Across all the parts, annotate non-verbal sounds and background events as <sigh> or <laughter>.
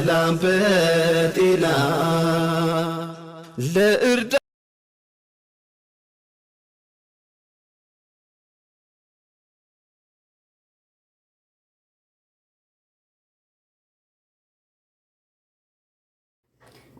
በሰላም በጤና ለእርዳ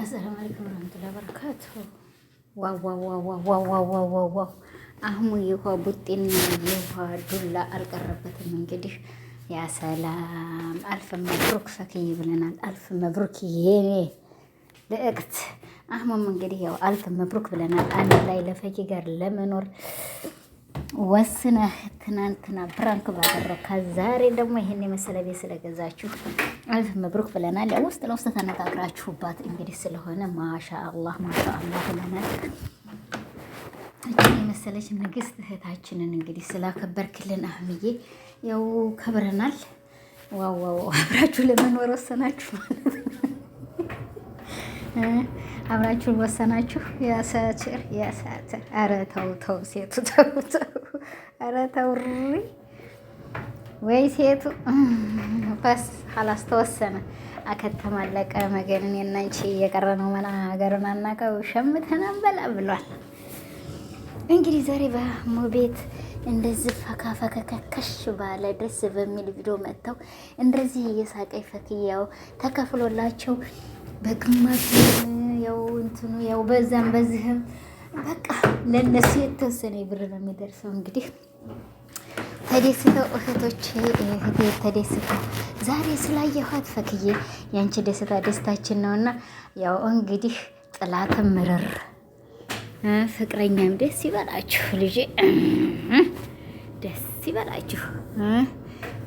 አሰላሙ አለይኩም ወራህመቱላሂ ወበረካቱ። ዋው አህሙ የውሃ ቡጢና የውሃ ዱላ አልቀረበትም እንግዲህ ያ ሰላም አልፍ መብሩክ ፈክይ ብለናል። አልፍ መብሩክ የኔ ልዕክት አህሞም እንግዲህ ያው አልፍ መብሩክ ብለናል። አንድ ላይ ለፈኪ ጋር ለመኖር ወስነህ ትናንትና ብራንክ ባደረካ ዛሬ ደግሞ ይህን የመሰለ ቤት ስለገዛችሁ አልፍ መብሩክ ብለናል። ያው ውስጥ ለውስጥ ተነጋግራችሁባት እንግዲህ ስለሆነ ማሻ አላህ ማሻ አላህ ብለናል። እችን የመሰለች ንግስት እህታችንን እንግዲህ ስላከበርክልን አህምዬ ያው ከብረናል። ዋው ዋው! አብራችሁ ለመኖር ወሰናችሁ ማለት አብራችሁ ወሰናችሁ። ያሳትር ያሳትር! ኧረ ተው ተው፣ ሴቱ ተው ተው፣ ኧረ ተው ወይ ሴቱ። በስ ሀላስ ተወሰነ፣ አከተም አለቀ። እና የናንቺ እየቀረ ነው መላ ሀገርን አናቀው ሸምተናን በላ ብሏል። እንግዲህ ዛሬ በሞ ቤት እንደዚህ ፈካ ከሽ ባለ ደስ በሚል ቪዲዮ መጥተው እንደዚህ እየሳቀይ ፈክያው ተከፍሎላቸው በግማሽ ያው እንትኑ ያው በዛም በዚህም በቃ ለነሱ የተወሰነ ብር ነው የሚደርሰው። እንግዲህ ተደስተው እህቶች እህቴ ተደስተው ዛሬ ስላየኋት ፈክዬ ያንቺ ደስታ ደስታችን ነውና ያው እንግዲህ ጥላትም ምርር ፍቅረኛም ደስ ይበላችሁ፣ ልጄ ደስ ይበላችሁ።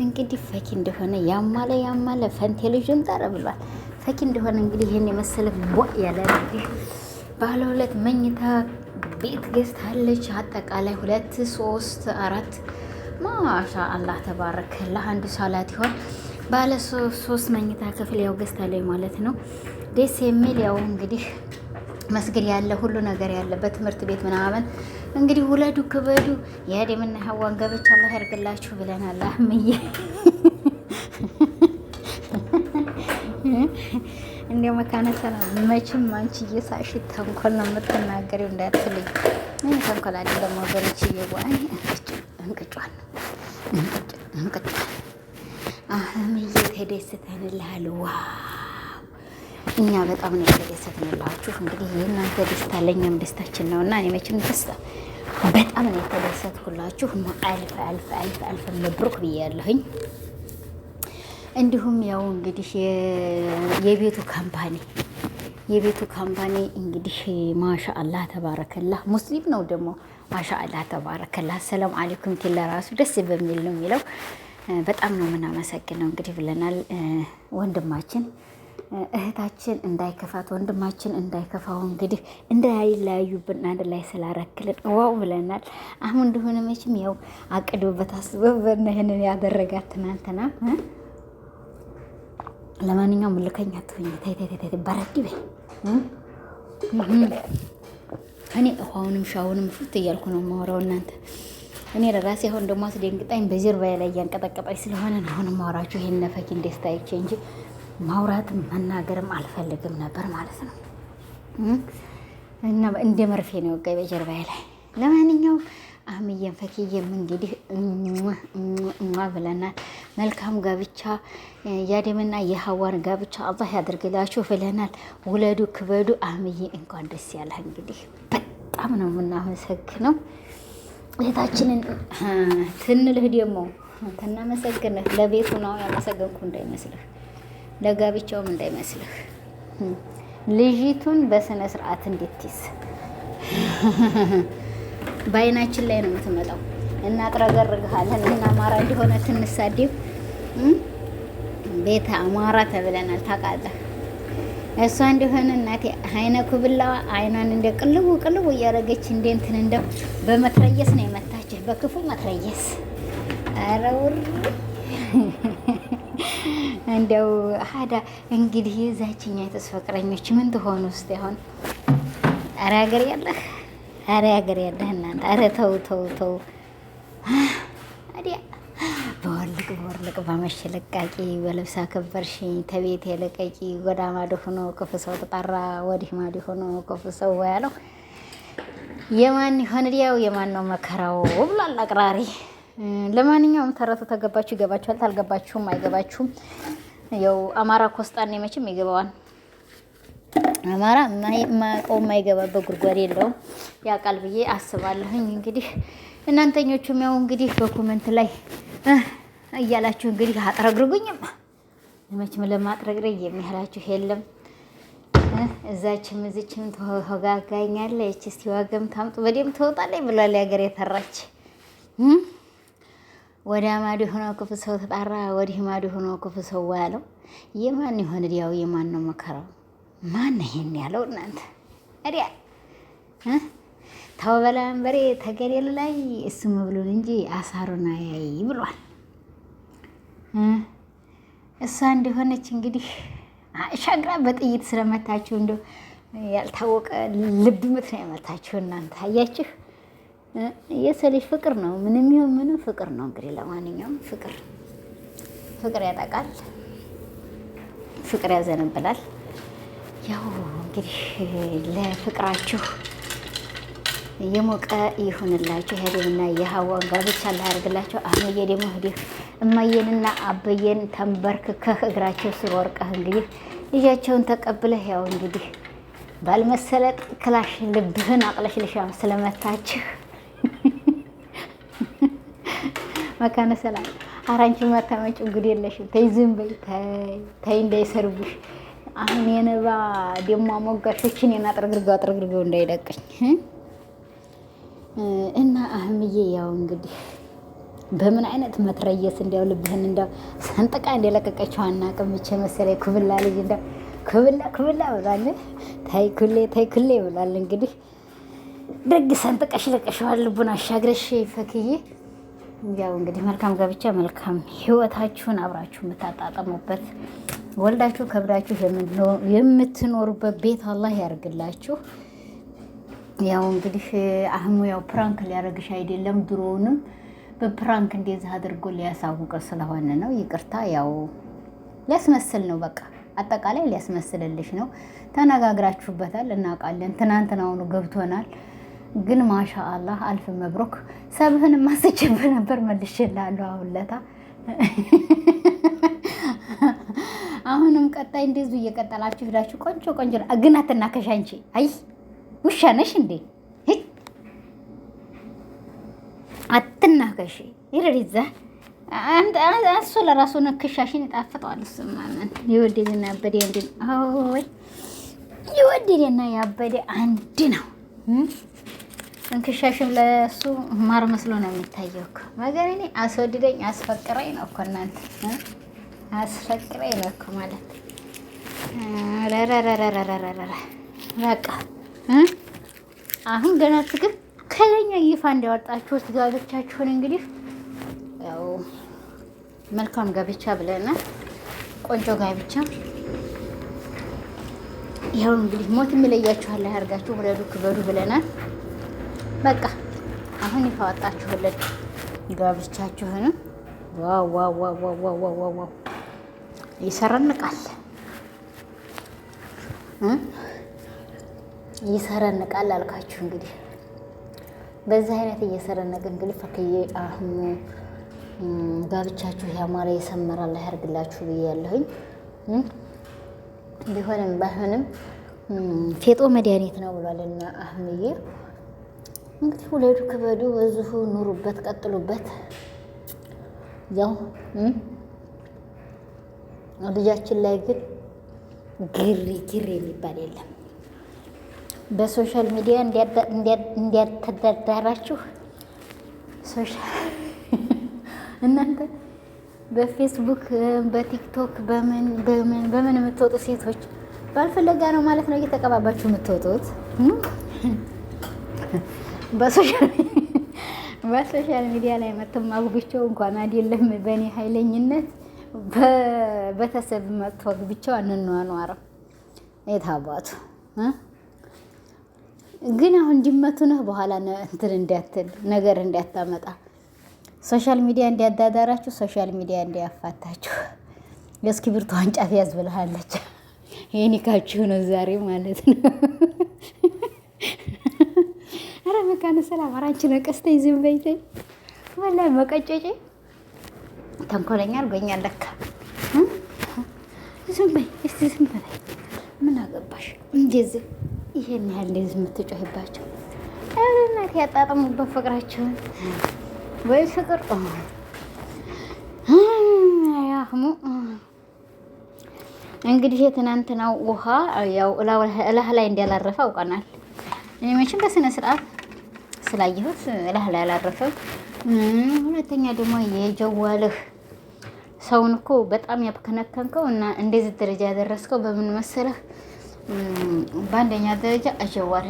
እንግዲህ ፈኪ እንደሆነ ያማለ ያማለ ፈንቴ ጠረ ብሏል። ፈኪ እንደሆነ እንግዲህ ይህን የመሰለ ቦ ያለ ባለ ሁለት መኝታ ቤት ገዝታለች። አጠቃላይ ሁለት ሶስት አራት ማሻ አላህ ተባረክ። ለአንዱ ሳላት ይሆን ባለ ሶስት መኝታ ክፍል ያው ገዝታለች ማለት ነው። ደስ የሚል ያው እንግዲህ መስገድ ያለ ሁሉ ነገር ያለበት ትምህርት ቤት ምናምን እንግዲህ ውለዱ ክበዱ የአደምና ሐዋን ገበች አላህ ያርግላችሁ ብለናል። አህምዬ እንዲያው መካነ ሰላም መቼም አንቺ እየሳሽ ተንኮል ነው የምትናገሪው እንዳትልኝ። እኔ ተንኮል አይደለም ወገኖች፣ እየዋይ እንቅጫን እንቅጫን አህምዬ ተደስተንልሃል ዋ እኛ በጣም ነው የተደሰትንላችሁ። እንግዲህ የእናንተ ደስታ ለእኛም ደስታችን ነው እና እኔ መቼም ደስታ በጣም ነው የተደሰትኩላችሁ። አልፍ አልፍ አልፍ አልፍ መብሩክ ብያለሁኝ። እንዲሁም ያው እንግዲህ የቤቱ ካምፓኒ የቤቱ ካምፓኒ እንግዲህ ማሻአላህ ተባረከላ። ሙስሊም ነው ደግሞ ማሻአላህ ተባረከላ። ሰላም አለይኩም ቲል ራሱ ደስ በሚል ነው የሚለው። በጣም ነው የምናመሰግነው እንግዲህ ብለናል ወንድማችን እህታችን እንዳይከፋት ወንድማችን እንዳይከፋው እንግዲህ እንዳይለያዩብን አንድ ላይ ስላረክልን ዋው ብለናል። አሁን እንደሆነ መቼም ያው አቅዶበት አስበበት ይህንን ያደረጋት ትናንትና። ለማንኛውም ልከኛ ትሆኝ ታይታይታይታይ ባረቂ በይ እኔ ውሃውንም ሻውንም ፍት እያልኩ ነው የማወራው። እናንተ እኔ ለራሴ አሁን ደግሞ አስደንግጣኝ በጀርባዬ ላይ እያንቀጠቀጣኝ ስለሆነ አሁን ማወራችሁ ይሄን ነፈኪ እንደስታይቼ እንጂ ማውራትም መናገርም አልፈልግም ነበር ማለት ነው። እና እንደ መርፌ ነው ወጋኝ በጀርባዬ ላይ። ለማንኛውም አህምዬም ፈኪዬም እንግዲህ እማ ብለናል። መልካም ጋብቻ ያደምና የሀዋን ጋብቻ አላህ ያደርግላችሁ ብለናል። ውለዱ፣ ክበዱ። አህምዬ እንኳን ደስ ያለህ። እንግዲህ በጣም ነው የምናመሰግነው እህታችንን ትንልህ ደግሞ ትናመሰግንህ። ለቤቱ ነው ያመሰገንኩ እንዳይመስልህ ለጋብቻውም እንዳይመስልህ ልጅቱን በስነ ስርዓት እንድትይዝ <laughs> በአይናችን ላይ ነው የምትመጣው። እናጥረገርግሃለን እና አማራ እንደሆነ ትንሳዴው ቤተ አማራ ተብለናል። ታውቃለህ እሷ እንደሆነ እናቴ አይነ ኩብላ አይኗን እንደ ቅልቡ ቅልቡ እያደረገች እንደ እንትን እንደ በመትረየስ ነው የመታችህ፣ በክፉ መትረየስ አረውር <laughs> እንደው ሀዳ እንግዲህ የዛችኛ የተስ ፍቅረኞች ምን ትሆኑ ውስጥ ያሁን አረ ሀገር ያለህ አረ ሀገር ያለህ እናንተ አረ ተው ተው ተው አዲያ በወርልቅ በወርልቅ በመሸ ለቃቂ በልብስ አከበርሽኝ ተቤት የለቀቂ ጎዳ ማዶ ሆኖ ክፉ ሰው ተጣራ ወዲህ ማዶ ሆኖ ክፉ ሰው ያለው የማን ይሆን ዲያው የማን ነው መከራው ብሏል አቅራሪ። ለማንኛውም ተረቱ ተገባችሁ ይገባችኋል፣ ታልገባችሁም አይገባችሁም። ያው አማራ ኮስጣን መቼም ይገባዋል። አማራ ማቆም የማይገባበት ጉድጓድ የለውም። ያውቃል ብዬ አስባለሁኝ። እንግዲህ እናንተኞቹም ያው እንግዲህ በኮመንት ላይ እያላችሁ እንግዲህ አጥረግርጉኝም መቼም ለማጥረግረግ የሚያህላችሁ የለም። እዛችም እዚችም ተወጋጋኛለች። እስቲ ዋገም ታምጡ በደም ትወጣለች ብሏል ያገር የተራች ወደ ማዶ ሆኖ ክፉ ሰው ተጣራ፣ ወዲህ ማዶ ሆኖ ክፉ ሰው ያለው የማን ይሆን እዲያው የማን ነው መከራው? ማን ይሄን ያለው እናንተ እዲያ ተው በሬ ተገደል ላይ እሱ መብሉን እንጂ አሳሩን አያይ ብሏል። እሷ እንደሆነች እንግዲህ ሻግራ በጥይት ስለመታችሁ እንደ ያልታወቀ ልብ ምት ነው የመታችሁ እናንተ አያችሁ። የሰው ልጅ ፍቅር ነው። ምንም ይሁን ምንም ፍቅር ነው። እንግዲህ ለማንኛውም ፍቅር ፍቅር ያጠቃል፣ ፍቅር ያዘንብላል። ያው እንግዲህ ለፍቅራችሁ የሞቀ ይሁንላችሁ። ሄደና የሀዋን ጋብቻ ላያርግላቸው። አህመዬ ደግሞ እንግዲህ እማዬንና አበዬን ተንበርክከህ እግራቸው ስር ወርቀህ እንግዲህ ልጃቸውን ተቀብለህ ያው እንግዲህ ባልመሰለጥ ክላሽ ልብህን አቅለሽልሻ ስለመታችህ መካነ ሰላም። ኧረ አንቺ ማታመጪው ጉድ የለሽም። ተይ ዝም በይ ተይ እንዳይሰርብሽ። አሁን የነባ ደሞ ሞጋሾችን የና ጥርግርገው አጥርግርገው እንዳይደቀኝ እና አህምዬ ያው እንግዲህ በምን አይነት መትረየስ እንዲያው ልብህን እንዲያው ሰንጥቃ እንደለቀቀችው አናውቅም። ብቻ መሰለኝ ኩብላ ልጅ እንዲያው ኩብላ ኩብላ ብላለ ታይ ኩሌ ታይ ኩሌ ብላለ። እንግዲህ ደግ ሰንጥቀሽ ለቀሸዋል። ልቡን አሻግረሽ ፈክዬ ያው እንግዲህ መልካም ጋብቻ መልካም ህይወታችሁን አብራችሁ የምታጣጠሙበት ወልዳችሁ ከብዳችሁ የምትኖሩበት ቤት አላህ ያርግላችሁ። ያው እንግዲህ አህሙ ያው ፕራንክ ሊያደርግሽ አይደለም፣ ድሮውንም በፕራንክ እንደዚህ አድርጎ ሊያሳውቅ ስለሆነ ነው። ይቅርታ ያው ሊያስመስል ነው፣ በቃ አጠቃላይ ሊያስመስልልሽ ነው። ተነጋግራችሁበታል፣ እናውቃለን። ትናንትናውኑ ገብቶናል። ግን ማሻ አላህ አልፍ መብሮክ ሰብህን ማስችብ ነበር መልሼልሃለሁ። አሁን ለታ አሁንም ቀጣይ እንደዚሁ እየቀጠላችሁ ሄዳችሁ ቆንጆ ቆንጆ ግን አትናከሽ አንቺ። አይ ውሻ ነሽ እንዴ? አትናከሽ ይረሪዛ እሱ ለራሱ ንክሻሽን ይጣፍጠዋል። ስማመን የወደደና ያበደ አንድ ነው። የወደደና ያበደ አንድ ነው። እንክሻሽም ለሱ ማር መስሎ ነው የሚታየው እኮ ነገር እኔ አስወድደኝ አስፈቅረኝ ነው እኮ እናንተ አስፈቅረኝ ነው እኮ ማለት ረረረረረረረ በቃ አሁን ገና ትክክለኛ ይፋ ጋብቻችሁን እንግዲህ ያው መልካም ጋብቻ ብለናል። ቆንጆ ጋብቻ ይኸው እንግዲህ ሞት የሚለያችኋል ያርጋችሁ ውለዱ፣ ክበዱ ብለናል። በቃ አሁን የተዋጣችሁልን ጋብቻችሁንም ዋዋዋዋዋዋዋዋ ይሰረንቃል ይሰረንቃል አልካችሁ እንግዲህ በዚህ አይነት እየሰረነቅ እንግዲህ ፈክዬ አሁን ጋብቻችሁ ያማረ የሰመረ ያርግላችሁ ብያለሁኝ። ቢሆንም ባይሆንም ፌጦ መድኃኒት ነው ብሏልና አህምዬ እንግዲህ ውለዱ፣ ክበዱ፣ በዚሁ ኑሩበት፣ ቀጥሉበት። ያው ልጃችን ላይ ግን ግሪ ግሪ የሚባል የለም። በሶሻል ሚዲያ እንዲያተዳዳራችሁ <laughs> እናንተ በፌስቡክ በቲክቶክ በምን በምን በምን የምትወጡ ሴቶች ባልፈለጋ ነው ማለት ነው እየተቀባባችሁ የምትወጡት። በሶሻል ሚዲያ ላይ መጥተው አግብቼው እንኳን አይደለም በእኔ ኃይለኝነት በቤተሰብ መጥቶ አግብቼው አንኗኗርም። የታባቱ ግን አሁን እንዲመቱ ነህ በኋላ እንትን እንዳትል ነገር እንዳታመጣ ሶሻል ሚዲያ እንዲያዳዳራችሁ ሶሻል ሚዲያ እንዲያፋታችሁ። የእስክሪብቶ አንጫት ያዝ ብልሃለች። የኒካችሁ ነው ዛሬ ማለት ነው። መካነ ሰላም አራንቺ ነው ቀስተኝ ዝም በይተኝ። ወላሂ መቀጨጭ ተንኮለኛ አድርጎኛል ለካ። ዝም በይ እስቲ ዝም በይ ምን አገባሽ? እንደዚህ ይሄን ያህል እንደዚህ የምትጮህባቸው እናት ያጣጥሙበት ፍቅራቸውን ወይ ፍቅር ያህሙ እንግዲህ የትናንትናው ውሃ ያው እላህ ላይ እንዳላረፈ አውቀናል። መቼም በስነ ስርዓት ስላየሁት እላህ ላይ አላረፈም። ሁለተኛ ደግሞ የጀዋልህ ሰውን እኮ በጣም ያብከነከንከው እና እንደዚህ ደረጃ ያደረስከው በምን መሰለህ? በአንደኛ ደረጃ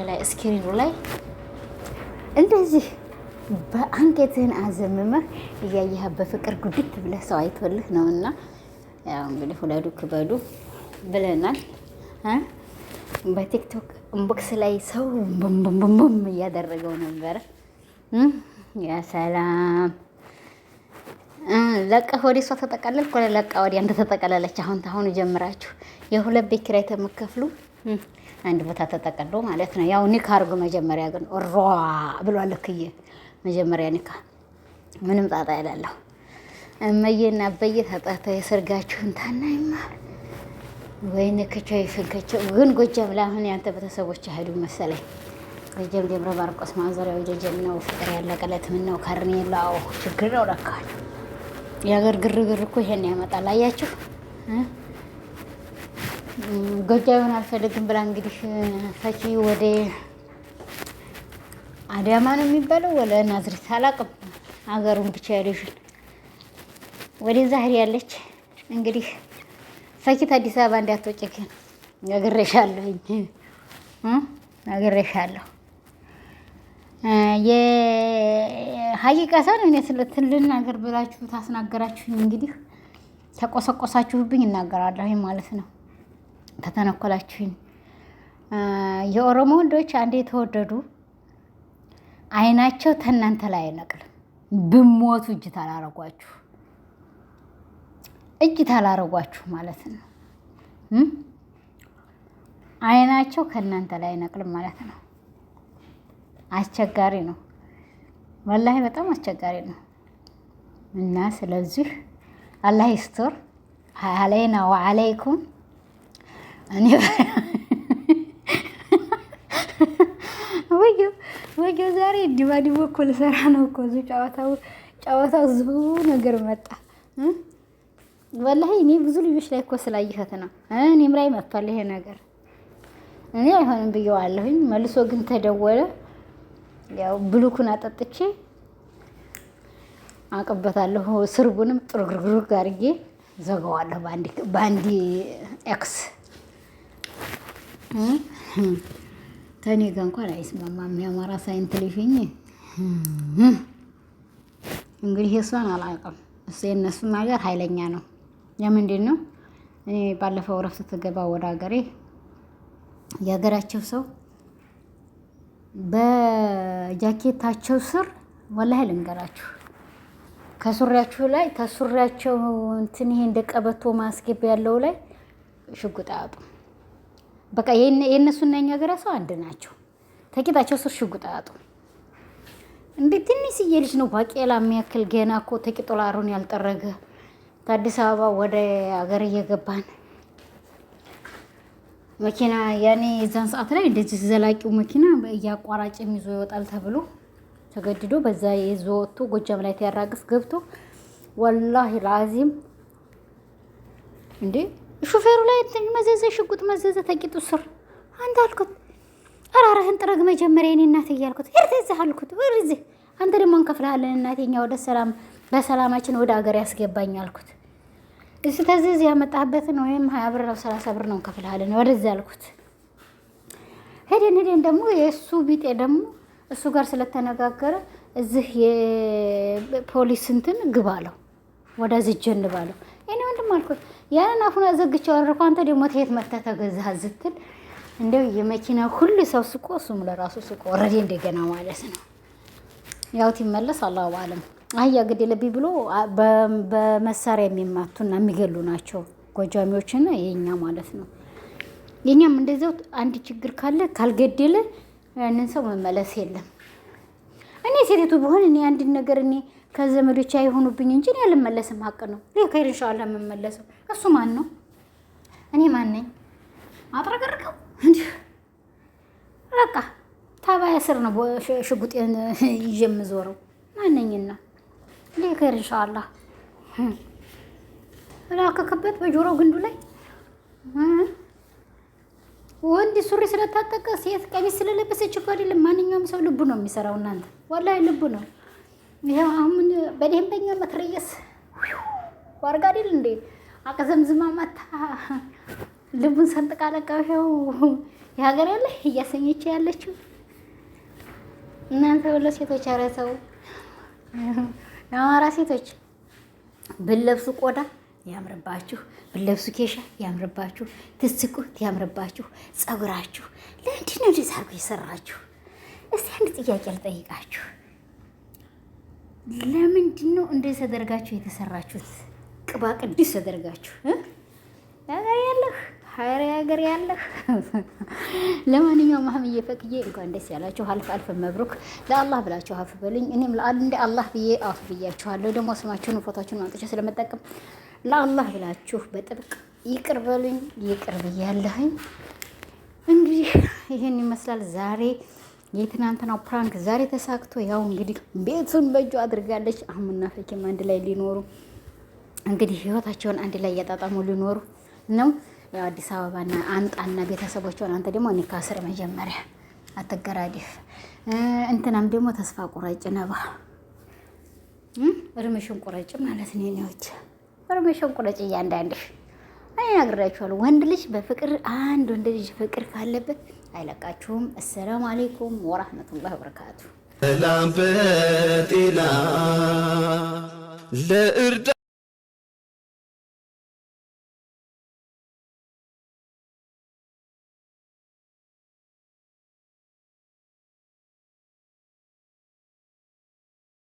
ላይ እስክሪኑ ላይ እንደዚህ በአንገትህን አዘምመህ እያየህ በፍቅር ጉድት ብለህ ሰው አይቶልህ ነው። እና ያው እንግዲህ ሁለዱ ክበዱ ብለናል። በቲክቶክ እንቦክስ ላይ ሰው ቦምቦምቦም እያደረገው ነበረ። ያ ሰላም ለቃ ወደ እሷ ተጠቀለልኩ፣ ለቃ ወዲያ እንደተጠቀለለች አሁን ታሁኑ ጀምራችሁ የሁለት ቤት ኪራይ ተመከፍሉ አንድ ቦታ ተጠቀሎ ማለት ነው። ያው ኒካ አርጉ መጀመሪያ ግን ሮ ብሏል። ልክዬ መጀመሪያ ኒካ ምንም ጣጣ ያላለሁ እመዬና አበዬ ተጠርተው የሰርጋችሁን ታናይማ ወይን ከቸው ይፈልከቸው ግን ጎጃም ላይ አሁን ያንተ ቤተሰቦች አሄዱ መሰለኝ። ጎጃም ደብረ ማርቆስ ማዘሪያው ደጀን ነው። ፍቅር ያለቀለት ምን ነው ካርኒ ላው ችግር ነው ለካ የሀገር ግርግር እኮ ይሄን ያመጣል። አያችሁ ጎጃምን አልፈልግም ብላ እንግዲህ ፈቺ ወደ አዳማ ነው የሚባለው ወለ ናዝሬት አላቅም አገሩን ብቻ ያለሽን ወደዛ ሄዳለች እንግዲህ ፈኪት አዲስ አበባ እንዳትወጪ ግን ነግሬሻለሁኝ፣ ነግሬሻለሁ። የሀቂቃሳን እውነት ልናገር ብላችሁ ታስናገራችሁኝ፣ እንግዲህ ተቆሰቆሳችሁብኝ፣ እናገራለሁኝ ማለት ነው። ተተነኮላችሁኝ። የኦሮሞ ወንዶች አንዴ የተወደዱ አይናቸው ተናንተ ላይ አይነቅልም። ብሞቱ እጅ ታላረጓችሁ እጅት አላረጓችሁ ማለት ነው። አይናቸው ከእናንተ ላይ አይነቅልም ማለት ነው። አስቸጋሪ ነው፣ ወላሂ በጣም አስቸጋሪ ነው። እና ስለዚህ አላህ ይስቶር አለይና ወአለይኩም እኔ <laughs> ወየው ዛሬ ዲባዲቦ እኮ ልሰራ ነው እኮ እዚሁ ጨዋታው ጨዋታው እዚሁ ነገር መጣ። ወላሂ እኔ ብዙ ልጆች ላይ እኮ ስላየኸት ነው እኔም ላይ መጥቷል ይሄ ነገር። እኔ አይሆንም ብየዋለሁኝ። መልሶ ግን ተደወለ። ያው ብሉኩን አጠጥቼ አቅበታለሁ። ስርቡንም ጥርግርግርግ አድርጌ ዘጋዋለሁ በአንድ ኤክስ ከኔ ጋር እንኳን አይስማማም። የአማራ ሳይንት ልሽኝ እንግዲህ እሷን አላውቅም። እሱ የእነሱን ነገር ኃይለኛ ነው። ያ ምንድን ነው? እኔ ባለፈው እረፍት ስትገባ ወደ ሀገሬ የሀገራቸው ሰው በጃኬታቸው ስር ወላሂ ልንገራችሁ ከሱሪያችሁ ላይ ከሱሪያቸው እንትን ይሄ እንደ ቀበቶ ማስገብ ያለው ላይ ሽጉጥ አያጡ። በቃ የእነሱና የኛ ሀገር ሰው አንድ ናቸው። ተቂጣቸው ስር ሽጉጥ አያጡም። እንዴ ትንሽዬ ልጅ ነው ባቄላ የሚያክል ገና እኮ ተቂጦላሩን ያልጠረገ ከአዲስ አበባ ወደ ሀገር እየገባን መኪና ያኔ የዛን ሰዓት ላይ እንደዚህ ዘላቂው መኪና እያቋራጭም ይዞ ይወጣል ተብሎ ተገድዶ በዛ ይዞ ወጥቶ ጎጃም ላይ ተያራቅስ ገብቶ ወላሂ ለአዚም እንዴ ሹፌሩ ላይ እንትን መዘዘ ሽጉጥ መዘዘ ተቂጡ ስር አንተ አልኩት አራራህን ጥረግ መጀመሪያ የኔ እናት እያልኩት ርትዝህ አልኩት ርዝህ አንተ ደግሞ እንከፍልሃለን እናቴኛ ወደ ሰላም በሰላማችን ወደ ሀገር ያስገባኝ አልኩት። ስተዝዝ ያመጣበትን ወይም ሀያ ብር ነው ሰላሳ ብር ነው እንከፍልሃለን ወደዚያ ያልኩት። ሄደን ሄደን ደግሞ የእሱ ቢጤ ደግሞ እሱ ጋር ስለተነጋገረ እዚህ የፖሊስ እንትን ግባ አለው። ወደ ዝጀን ባለው እኔ ወንድም አልኩት ያንን አፉን አዘግቼው አደረኩ። አንተ ደግሞ ትሄት መጥተህ ተገዛህ ዝትል እንደው የመኪና ሁሉ ሰው ስቆ እሱም ለራሱ ስቆ ወረዴ እንደገና ማለት ነው። ያውት ይመለስ አላሁ አለም። አህያ ገደለብኝ ብሎ በመሳሪያ የሚማቱና የሚገሉ ናቸው ጎጃሚዎችና የኛ ማለት ነው። የኛም እንደዚያው አንድ ችግር ካለ ካልገደለ ያንን ሰው መመለስ የለም። እኔ ሴቴቱ ብሆን እኔ አንድን ነገር እኔ ከዘመዶች አይሆኑብኝ እንጂ እኔ አልመለስም። ሀቅ ነው። ከይር እንሻላ የምመለሰው እሱ ማን ነው? እኔ ማን ነኝ? አጥረቀርቀው በቃ ታባያ ስር ነው ሽጉጤን ይዤ የምዞረው ማነኝና ሊክር ኢንሻአላህ ላከከበት በጆሮ ግንዱ ላይ ወንድ ሱሪ ስለታጠቀ ሴት ቀሚስ ስለለበሰች እኮ አይደለም። ማንኛውም ሰው ልቡ ነው የሚሰራው። እናንተ ወላሂ ልቡ ነው። ይኸው አሁን በደንበኛ መትረየስ ዋርጋ አይደል እንዴ አቅዘምዝማ ማታ ልቡን ሰንጥቃ ለቃ ይኸው የሀገር ያለ እያሰኘች ያለችው እናንተ ብሎ ሴቶች ኧረ ተው ለአማራ ሴቶች ብለብሱ ቆዳ ያምርባችሁ፣ ብለብሱ ኬሻ ያምርባችሁ፣ ትስቁት ያምርባችሁ። ጸጉራችሁ ለምንድን ነው እንደዚያ አድርጎ የሰራችሁ? እስቲ አንድ ጥያቄ አልጠይቃችሁ። ለምንድን ነው እንደዚህ ተደርጋችሁ የተሰራችሁት? ቅባ ቅዱስ ተደርጋችሁ ያለህ ሀይረ ሀገር ያለ <laughs> ለማንኛውም አህምዬ ፈቅዬ እንኳን ደስ ያላችሁ። አልፍ አልፍ መብሩክ። ለአላህ ብላችሁ አፍ በሉኝ። እኔም ለአል እንደ አላህ ብዬ አፍ ብያችኋለሁ። ደግሞ ስማችሁን ፎታችሁን ማንጠቻ ስለመጠቀም ለአላህ ብላችሁ በጥብቅ ይቅር በሉኝ። ይቅር ብያለሁኝ። እንግዲህ ይህን ይመስላል ዛሬ የትናንትናው ፕራንክ ዛሬ ተሳክቶ ያው እንግዲህ ቤቱን በእጁ አድርጋለች። አህሙና ፈኪም አንድ ላይ ሊኖሩ እንግዲህ ህይወታቸውን አንድ ላይ እያጣጣሙ ሊኖሩ ነው። አዲስ አበባና አንጣና ቤተሰቦቿን አንተ ደግሞ እኔ ካስር መጀመሪያ አትገራዲፍ። እንትናም ደግሞ ተስፋ ቁረጭ ነባ እርምሽን ቁረጭ ማለት ነው። ኔዎች እርምሽን ቁረጭ እያንዳንድሽ እነግራችኋለሁ። ወንድ ልጅ በፍቅር አንድ ወንድ ልጅ ፍቅር ካለበት አይለቃችሁም። አሰላሙ አሌይኩም ወራህመቱላህ ወበረካቱ። ሰላም በጤና ለእርዳ